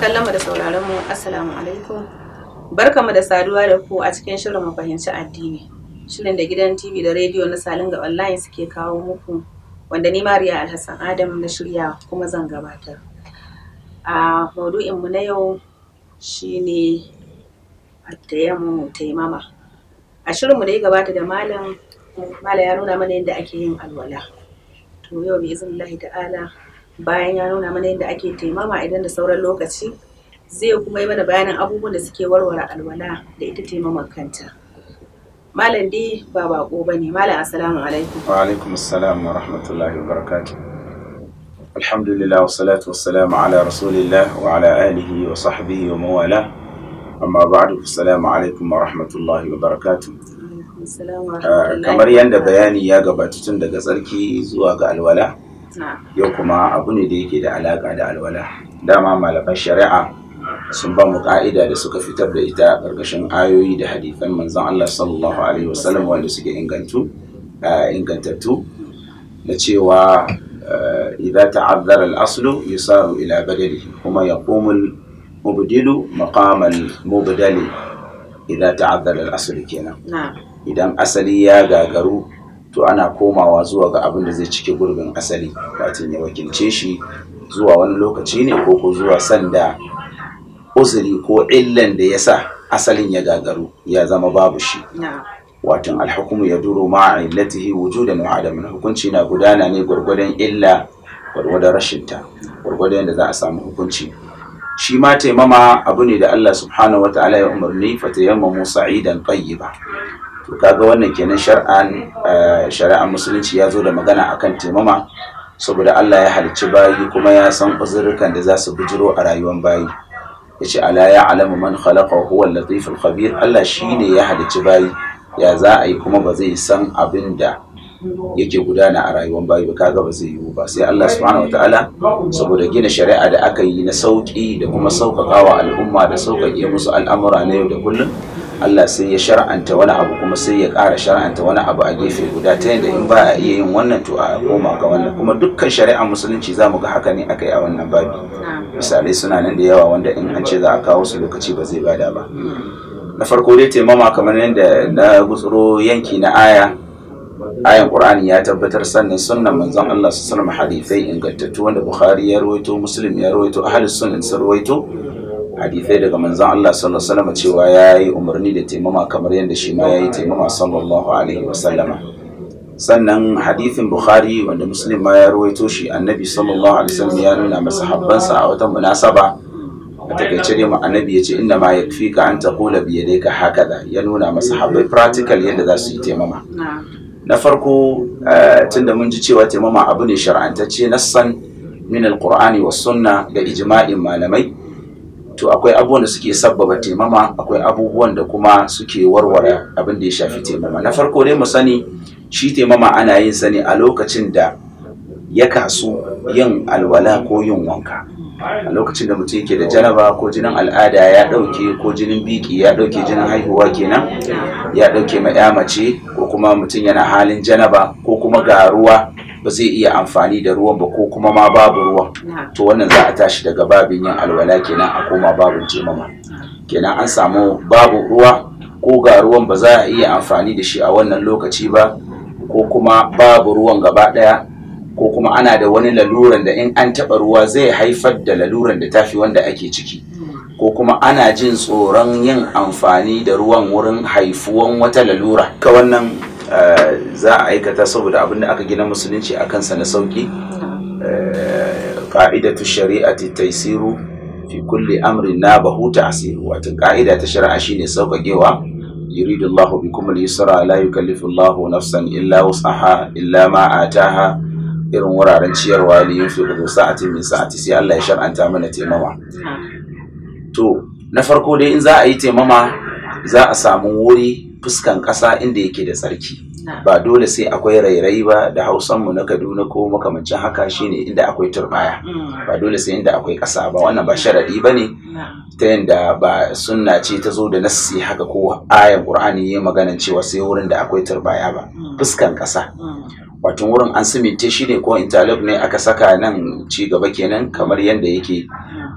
kallon mu da sauraron mu assalamu alaikum barkamu da saduwa da ku a cikin shirin mu fahimci addini shirin da gidan tv da rediyo na salin ga online suke kawo muku wanda ni mariya alhassan adam na shirya kuma zan gabatar a maudu'in mu na yau shine attayammu taimama a shirinmu da ya gabata da malam malam ya nuna mana yadda ake yin alwala to yau bi iznillahi ta'ala bayan ya nuna mana yadda ake taimama idan da sauran lokaci zai kuma yi mana bayanin abubuwan da suke warware alwala da ita taimamar kanta malam dai ba bako ba ne malam assalamu alaikum wa alaikum assalam wa rahmatullahi wa barakatuh alhamdulillah wa salatu wa salamu ala rasulillah wa ala alihi wa sahbihi wa mawala amma ba'du assalamu alaikum wa rahmatullahi wa barakatuh ah, kamar yadda bayani ya gabata tun daga tsarki zuwa ga alwala yau kuma abu ne da yake da alaƙa da alwala dama malaman shari'a sun ba mu ka'ida da suka fitar da ita a ƙarƙashin ayoyi da hadithan manzon Allah sallallahu alaihi wasallam wanda suke ingantu eh, ingantattu na cewa eh, idza ta'azzara al-aslu yusaru ila badalihi kuma yaqumu al-mubdilu maqama al-mubdali idza ta'azzara al-aslu kenan idan asali ya gagaru to ana komawa zuwa ga abin da zai cike gurbin asali watan ya wakilce shi zuwa wani lokaci ne ko ko zuwa sanda uzuri ko illan da ya sa asalin ya gagaru ya zama babu shi watan alhukumu ya duro a illatihi wujudan wa adamin hukunci na gudana ne gwargwadon illa gwargwadon rashinta gwargwadon da za a samu hukunci shi ma taimama abu ne da Allah subhanahu wa ta'ala ya umarni fa tayammamu sa'idan tayyiba to kaga wannan kenan shar'an eh, shari'an musulunci ya zo da magana akan taimama saboda Allah ya halicci bayi kuma ya san uzurrukan da za su bujiro a rayuwar bayi yace ala ya alamu man khalaqa huwa al-latif al-khabir Allah shine ya halicci bayi ya za a yi kuma ba zai san abin da yake gudana a rayuwar bayi ba kaga ba zai yiwu ba sai Allah subhanahu wataala saboda gina shari'a da aka yi na sauki da kuma sauƙaƙawa al'umma da sauƙaƙe musu al'amura na yau da kullum Allah sai ya shar'anta wani abu kuma sai ya ƙara shar'anta wani abu a gefe guda ta yadda in ba a iya yin wannan to a koma ga wannan kuma dukkan shari'a musulunci za mu ga haka ne akai a wannan babi misalai suna nan da yawa wanda in an ce za a kawo su lokaci ba zai bada ba hmm. na farko dai taimama kamar yadda na gutsuro yanki na aya ayan qur'ani ya tabbatar sannan sunnan manzon Allah sallallahu alaihi wasallam hadisai ingantattu wanda bukhari ya rawaito muslim ya rawaito ahlus sunan sun rawaito hadisai daga manzon Allah sallallahu alaihi wasallam cewa yayi umarni da taimama kamar yadda shi ma yayi taimama sallallahu alaihi wasallama sannan hadithin bukhari wanda muslim ma ya rawaito shi annabi sallallahu alaihi wasallam ya nuna masa habbansa a wata munasaba a takaice dai mu annabi ya ce inna ma yakfika an taqula bi yadayka hakaza ya nuna masa habbai practical yadda za su yi taimama na farko eh, tunda mun ji cewa taimama abu ne shar'antacce nassan min alqur'ani was sunna da ijma'in malamai to akwai abubuwan da suke sabbaba taimama akwai abubuwan da kuma suke warware abin da ya shafi taimama na farko dai mu sani shi taimama ana yin sa ne a lokacin da ya kasu yin alwala ko yin wanka a lokacin da mutum yake da janaba ko jinin al'ada ya ɗauke ko jinin biki ya ɗauke jinin haihuwa kenan ya ɗauke ma ya mace ko kuma mutum yana halin janaba ko kuma ga ruwa ba zai iya amfani da ruwan ba ko kuma ma babu ruwa to wannan za a tashi daga babin yin alwala kenan a koma babin taimama kenan an samu babu ruwa ko ga ruwan ba za a iya amfani da shi a wannan lokaci ba ko kuma babu ruwan gaba daya ko kuma ana da wani laluran da in an taba ruwa zai haifar da laluran da tafi wanda ake ciki ko kuma ana jin tsoron yin amfani da ruwan wurin haifuwan wata lalura ka wannan Eh, za a aikata saboda abin da aka gina musulunci a kansa na sauki ka'idatu eh, shari'ati taisiru fi kulli amri na bahu ta'siru wato ka'ida ta shari'a shine sauƙaƙewa yuridu Allah bikum al-yusra la yukallifu nafsan illa wus'aha illa ma ataha irin wuraren ciyarwa li yunfiqu sa'atin min sa'ati sai Allah ya shar'anta mana taimama to na farko dai in za a yi taimama za a samu wuri fuskan ƙasa inda yake da tsarki ba dole sai akwai rairayi ba da hausanmu na kaduna ko makamancin haka shine inda akwai turbaya mm. ba dole sai inda akwai ƙasa ba wannan ba sharaɗi ba ne ta yadda ba sunna ce ta zo da nassi haka ko ayan ƙur'ani ya magana cewa sai wurin da akwai turbaya ba mm. fuskan ƙasa mm. wato wurin an siminte shi ko interlock ne aka saka nan ci gaba kenan kamar yadda yake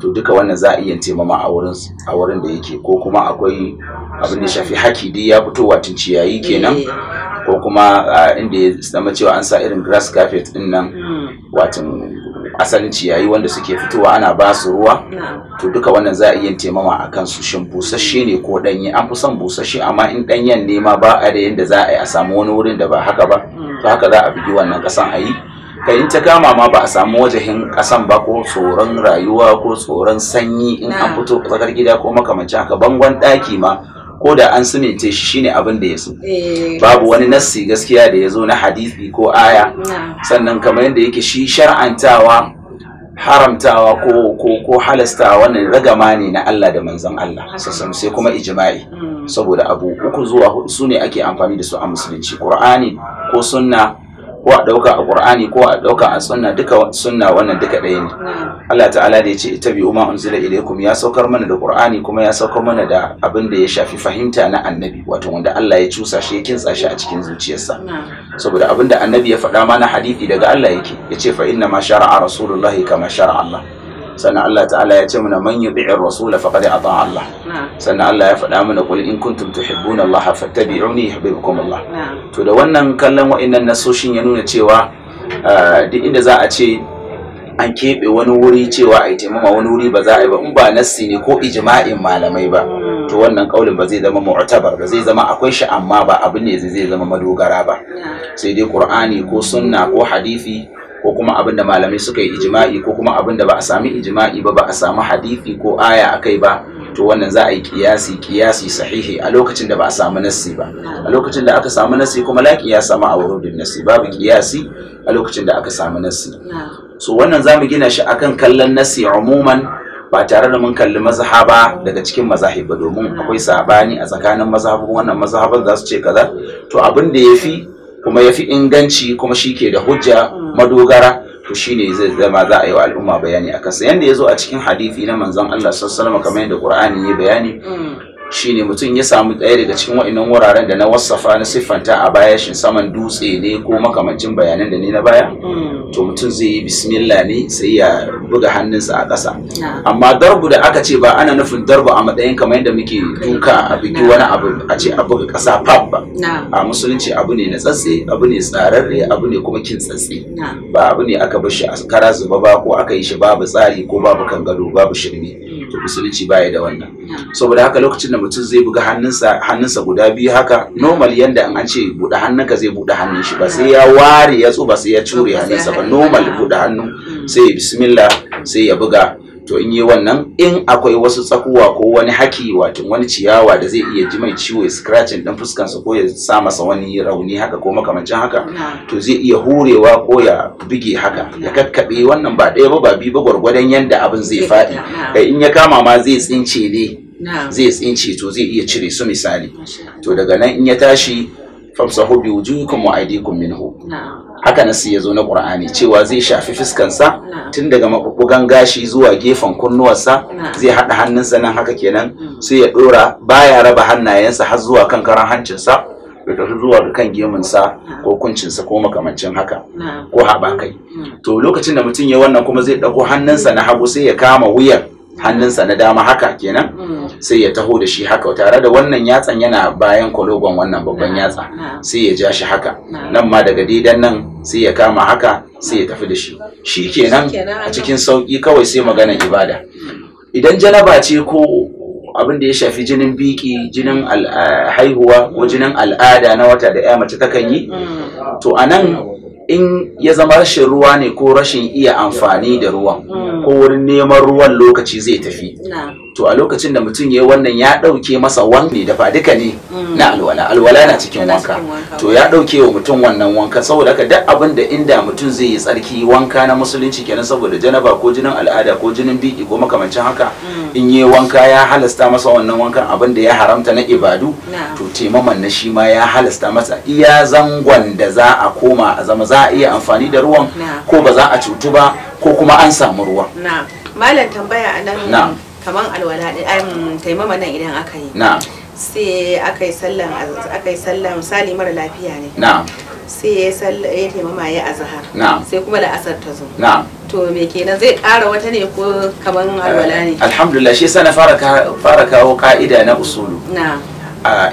to duka wannan za a iya taimama a wurin a wurin da yake ko kuma akwai abin da shafi haki dai ya fito watin ciyayi kenan eh. ko kuma inda ya zama cewa an sa irin grass carpet din nan hmm. watin asalin ciyayi wanda suke fitowa ana ba su ruwa to duka wannan za a iya taimama a kan su shin busasshe ne ko danye an fi son busasshe amma in danyen ne ma ba a da yadda za a yi a samu wani wurin da ba haka ba hmm. to haka za a bugi wannan kasan a yi ka in ta kama ma ba a samu wajahin kasan ba ko tsoron rayuwa ko tsoron sanyi in an fito tsakar gida ko makamancin haka bangon ɗaki ma ko da an sumince shi shine abin da ya so eh, babu wani nassi gaskiya da ya zo na hadisi ko aya sannan kamar yadda yake shi shar'antawa haramtawa ko ko ko halastawa wannan ragama ne na Allah da manzon Allah sassan sai kuma ijma'i mm. saboda abu uku zuwa hudu sune ake amfani da su a musulunci qur'ani ko sunna ko a ɗauka a ƙur'ani ko a ɗauka a sunna duka sunna wannan duka ɗaya ne mm. Allah ta'ala da ya ce ita biyu ma unzila ilaikum ya saukar mana da ƙur'ani kuma ya saukar mana da abin da ya shafi fahimta na annabi wato wanda Allah ya cusa shi ya kintsa shi a cikin zuciyarsa mm. saboda abin da annabi ya faɗa mana hadithi daga Allah yake ya ce fa inna ma shara'a rasulullahi kama shara'a Allah sannan Allah ta'ala ya ce mana man rasula faƙar da ata Allah sannan Allah ya faɗa mana qul in kuntum tuhibbuna Allah fattabi'uni yuhibbukum Allah to da wannan kallon wa'annan nasoshin ya nuna cewa uh, duk inda za a ce an keɓe wani wuri cewa a yi taimama wani wuri ba za a yi ba in ba nassi ne ko ijma'in malamai ba hmm. to wannan ƙaulin ba zai zama mu'tabar ba zai zama akwai shi amma ba abin ne zai zama madogara ba sai dai qur'ani ko sunna ko hadisi ko kuma abin da malamai suka yi ijma'i ko kuma abin da ba a sami ijma'i ba ba a samu hadithi ko aya a kai ba to wannan za a yi kiyasi kiyasi sahihi a lokacin da ba a samu nassi ba a lokacin da aka samu nassi kuma la ya sami a wurudin nassi babu kiyasi a lokacin da aka samu nasi. so wannan zamu gina shi akan kallon nasi, umuman ba tare da mun kalli mazhaba daga cikin mazahib ba domin akwai sabani a tsakanin mazhabu wannan mazhaban za su ce kaza to abin da ya kuma ya fi inganci kuma shi ke da hujja mm. madogara to ne zai zama za a yi wa al'umma bayani a kansa yanda ya zo a cikin hadithi na manzon Allah sallallahu alaihi wasallam kamar yadda Qur'ani ya bayani mm. shine mutum ya samu ɗaya daga cikin wa'inan wuraren da na wasafa na siffanta a baya shin saman dutse ne ko makamancin bayanan da ni na baya hmm. to mutum zai yi bismillah ne sai ya buga hannunsa a ƙasa amma darbu da aka ce ba ana nufin darbu a matsayin kamar yadda muke duka a biki wani abu a ce a buga ƙasa fab ba a musulunci abu ne na tsatse abu ne tsararre abu ne kuma kin tsatse ba abu ne aka bar shi a kara zuba ba ko aka yi shi babu tsari ko babu kangado babu shirme to musulunci baya da wannan saboda haka lokacin da mutum zai buga hannunsa hannunsa guda biyu haka normal yanda an ce buɗe hannunka zai buɗe hannun shi ba sai ya ware ya tsuba sai ya cure hannunsa ba normal buɗe hannu sai ya bismillah sai ya buga to in yi wannan in akwai wasu tsakuwa ko wani haki wato wani ciyawa da zai iya ji mai ciwo ya scratching din fuskansa ko ya sa masa wani rauni haka ko makamancin haka to zai iya hurewa ko ya bige haka ya kakkaɓe wannan ba ɗaya ba ba biyu ba gwargwadon yanda abin zai faɗi kai eh, in ya kama ma zai tsince ne zai tsince to zai iya cire su misali to daga nan in ya tashi famsahu bi wujuhikum wa aydikum minhu haka nasi ya zo na qur'ani cewa zai shafi fiskansa tun daga makubugan gashi zuwa gefen kunnuwarsa zai hada hannunsa nan haka kenan mm. sai ya dora baya raba hannayensa har zuwa kan karan hancinsa ya tafi zuwa ga kan gemunsa ko kuncinsa ko makamancin haka ko haɓa mm. to lokacin da mutum ya wannan kuma zai ɗago hannunsa na hagu sai ya kama wuyan hannunsa na dama haka kenan mm. sai ya taho da shi haka tare da wannan yatsan yana bayan kologon wannan babban yatsa sai ya ja shi haka nan ma daga didan nan sai ya kama haka sai ya tafi da shi shi kenan a cikin sauƙi kawai sai maganar ibada idan janaba ce ko abin da ya shafi jinin biki jinin eh, haihuwa ko jinin al'ada na wata da ya mace takan yi mm. to a nan in ya zama rashin ruwa ne ko rashin iya amfani da ruwan mm. ko wurin neman ruwan lokaci zai tafi to a lokacin da mutum ya wannan ya ɗauke masa wanne dafa duka ne mm. na alwala alwala na cikin wanka to ya ɗauke wa mutum wannan wanka saboda haka duk abin da inda mutum zai yi tsarki wanka na musulunci kenan saboda janaba ko jinin al'ada ko jinin biki ko makamancin haka mm. in yi wanka ya halasta masa wannan wankan abin da ya haramta na ibadu to taimaman na shi ma ya halasta masa iya zangon da za a koma a zama za a iya amfani da ruwan ko ba za a cutu ba ko kuma an samu ruwa malam tambaya a nan kaman alwala ɗin mm, taimama nan idan aka yi sai aka yi sallan aka yi sallan misali mara lafiya ne sai ya taimama ya azhar sai kuma da asar ta zo to me kenan zai ƙara wata ne ko kaman alwala ne eh, alhamdulillah shi yasa na fara kawo ka'ida na usulu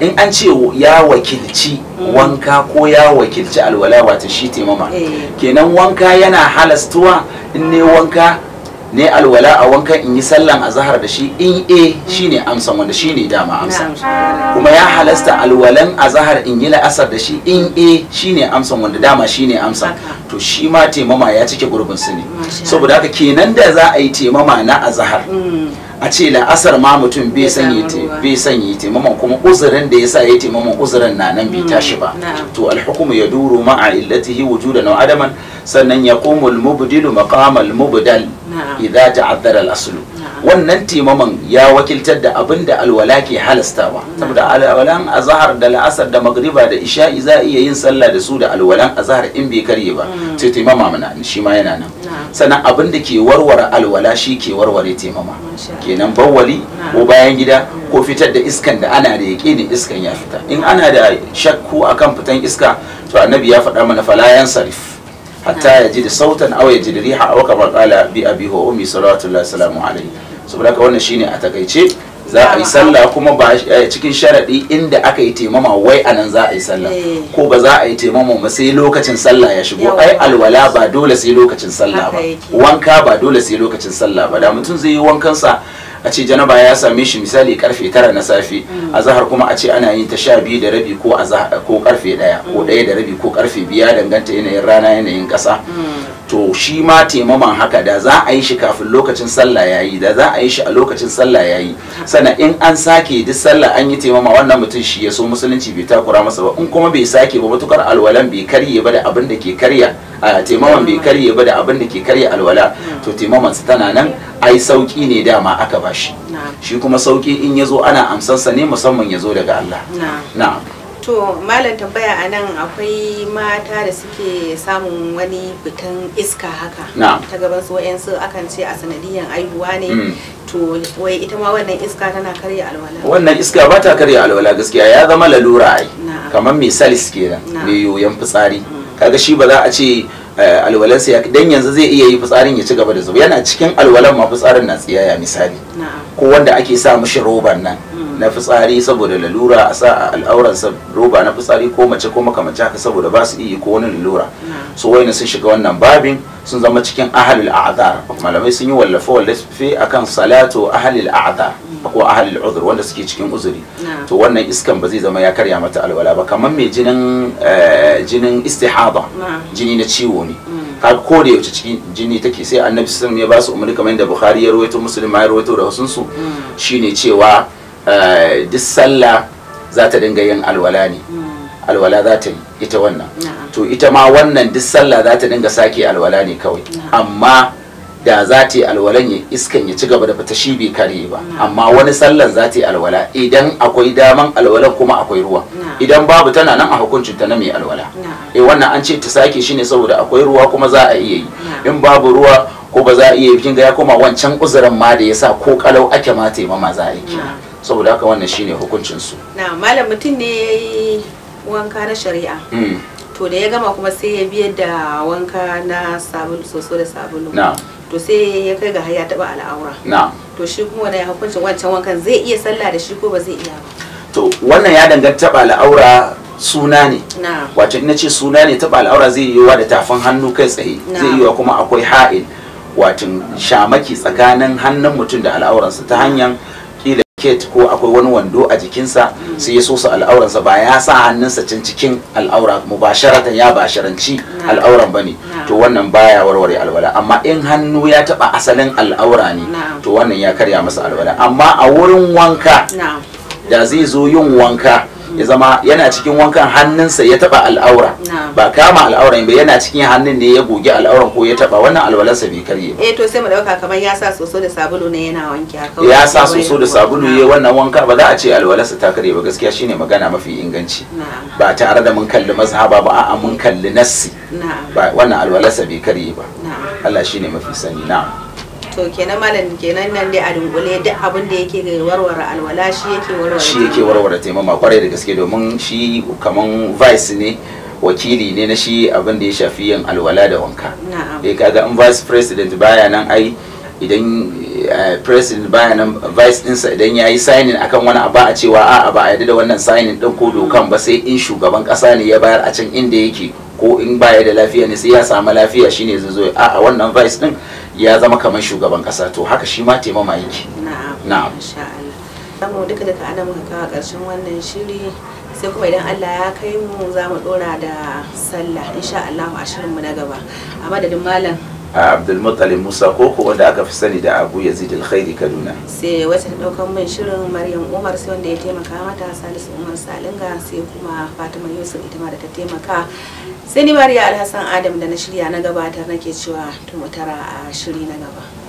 in an ce ya wakilci mm. wanka ko ya wakilci alwala wato shi taimama eh. kenan wanka yana halastuwa in ne wanka ne alwala a wankan in yi sallan azahar da shi in e shine amsan wanda shine dama amsa kuma ya halasta alwalan azahar in yi la'asar da shi in e shine amsan wanda dama shine amsa to shi ma taimama ya cike gurbin su ne saboda haka kenan da za a yi taimama na azahar mm. a ce la'asar ma mutum bai san yi taimama kuma uzurin da ya sa ya taimama uzurin na nan bai mm. tashi ba to alhukum ya duru ma'a illatihi wujuda na adaman sannan ya al-mubdilu maqamal mubdal idza ta'addara al-aslu wannan timaman ya wakiltar da abinda da alwala ke halastawa saboda alwalan azhar da la'asar da magriba da isha'i za iya yin sallah da su da alwalan azhar in bai karye ba mm. sai timama mana shi ma yana nan sannan abin da ke warware alwala shi ke warware timama kenan bawwali ko bayan gida ko fitar da iskan da ana da yaƙinin iskan ya fita in ana da shakku akan fitan iska to annabi ya faɗa mana fala yan sarif hatta ya ji da sautan awa ya ji da riha kama bi abi wa ummi salamu alaihi wasallam saboda wannan shine a takaice za a yi sallah kuma ba eh, cikin sharaɗi inda aka yi temama wai a nan za a yi sallah eh. ko ba za a yi temama ba sai lokacin sallah ya shigo ai alwala ba dole sai lokacin sallah ba wanka ba dole sai lokacin sallah ba da mutum zai yi wankansa a ce janaba ya same shi misali karfe tara na safe mm. zahar kuma a ce ana yin ta sha biyu da rabi ko ko karfe daya ko daya mm. da rabi ko karfe biya danganta yanayin rana yanayin kasa mm. to shi ma taimaman haka da za a yi shi kafin lokacin sallah yayi da za a yi shi a lokacin sallah yayi sana in an sake duk sallah an yi taimama wannan mutum shi ya so musulunci bai takura masa ba in kuma bai sake ba matukar alwalan bai karye ba da abin da ke karya taimaman bai karye ba da abin da ke karya alwala to taimaman su tana nan ai sauki ne dama aka bashi shi kuma sauki in ya zo ana amsansa ne musamman ya zo daga Allah na'am to malam tambaya a nan akwai mata da suke samun wani fitan iska haka ta gaban su wa'yansu akan ce a sanadiyan aihuwa ne hmm. to wai ita ma wannan iska tana karya alwala wannan iska ba ta karya alwala gaskiya ya zama lalura ai kamar mai salis kenan mai yoyon fitsari hmm. kaga shi ba za a ce eh, alwalan sa dan yanzu zai iya yi fitsarin ya ci gaba da zuwa yana cikin alwalan ma fitsarin na tsiyaya misali ko wanda ake sa mishi roban nan na fitsari saboda lalura a sa a al'auransa roba na fitsari ko mace ko mace haka saboda ba su iya ko wani lalura so wayne sun shiga wannan babin sun zama cikin ahalil a'dar malamai sun yi wallafe wallafe akan salatu ahalil a'dar mm. ko ahalil uzur wanda suke cikin uzuri to wannan iskan ba zai zama ya karya mata alwala ba kamar mai jinin eh, jinin istihada jini na ciwo ne mm. ka ko da yaushe cikin jini take sai annabi sun alaihi ya ba su umarni kamar yadda bukhari ya rawaito muslim ya rawaito da wasunsu mm. shine cewa Eh, duk sallah za ta dinga yin alwala ne hmm. alwala za ta yi ita wannan to ita ma wannan duk sallah za ta dinga sake alwala ne kawai amma da za ta yi alwalan ya iskan ya ci gaba da fita shi bai kare ba amma wani sallan za ta yi alwala idan akwai daman alwalan kuma akwai ruwa idan babu tana nan a hukuncin ta na mai alwala eh wannan an ce ta sake shi ne saboda akwai ruwa kuma za a iya yi in babu ruwa ko ba za a iya yi kinga ya koma wancan uzurin ma da yasa ko kalau ake ma taimama za a yi saboda haka wannan shine hukuncin su na malam mutum ne yayi wanka na shari'a hmm. to da ya gama kuma sai ya biyar da wanka na sabulu soso da sabulu to sai ya kai ga har ya taba al'aura to shi kuma wannan hukuncin wancan wankan zai iya sallah da shi ko ba zai iya ba to wannan ya danganta taba al'aura suna ne wato ina ce suna ne taba al'aura zai yiwa da tafin hannu kai tsaye zai yiwa kuma akwai ha'in wato shamaki tsakanin hannun mutum da al'auransa ta hanyar siket ko akwai wani wando a jikinsa sai ya so su al'auransa ba ya sa hannunsa cin cikin al'aura mubasharatan ya basharanci al'auran ne to wannan baya warware alwala amma in hannu ya taba asalin al'aura ne to wannan ya karya masa alwala amma a wurin wanka da zai zo yin wanka ya zama yana cikin wankan hannunsa ya taba al'aura ba kama al'aura ba yana cikin hannun ne ya goge al'auran ko ya taba wannan alwalarsa bai karye ba eh to sai mu dauka kamar ya sa soso da sabulu ne yana wanke haka ya sa soso da sabulu ne wannan wanka ba za a ce alwalarsa ta karye ba gaskiya shine magana mafi inganci ba tare da mun kalli mazhaba ba a'a mun kalli nassi ba wannan alwalarsa bai karye ba Allah shine mafi sani na'am to kenan malam kenan nan dai a dunkule duk abin da yake warware alwala shi yake warware shi yake warware taimama kwarai da gaske domin shi kaman vice ne wakili ne na shi abin da ya shafi yin alwala da wanka eh kaga in vice president baya nan ai idan eh, president baya nan vice dinsa idan ya yi signing akan wani abu a cewa a'a ba a yadda da wannan signing din ko dokan ba sai in shugaban kasa ne ya bayar a can inda yake ko in baya da lafiya ne sai ya samu lafiya shine zai zo a wannan vice din ya zama kamar shugaban kasa to haka shi ma taimama yake na'am insha Allah duka daga ana muka kawo karshen wannan shiri sai kuma idan Allah ya kai mu zamu dora da sallah insha Allah a shirin mu na gaba a madadin malam a abdulmuttalib musa koko wanda aka fi sani da abu yazid khairi kaduna sai wata ta daukan min shirin maryam umar sai wanda ya taimaka mata salisu umar salinga sai kuma fatima yusuf ita ma da ta taimaka sai ni alhassan adam da na shirya na gabatar nake cewa tun a shiri na gaba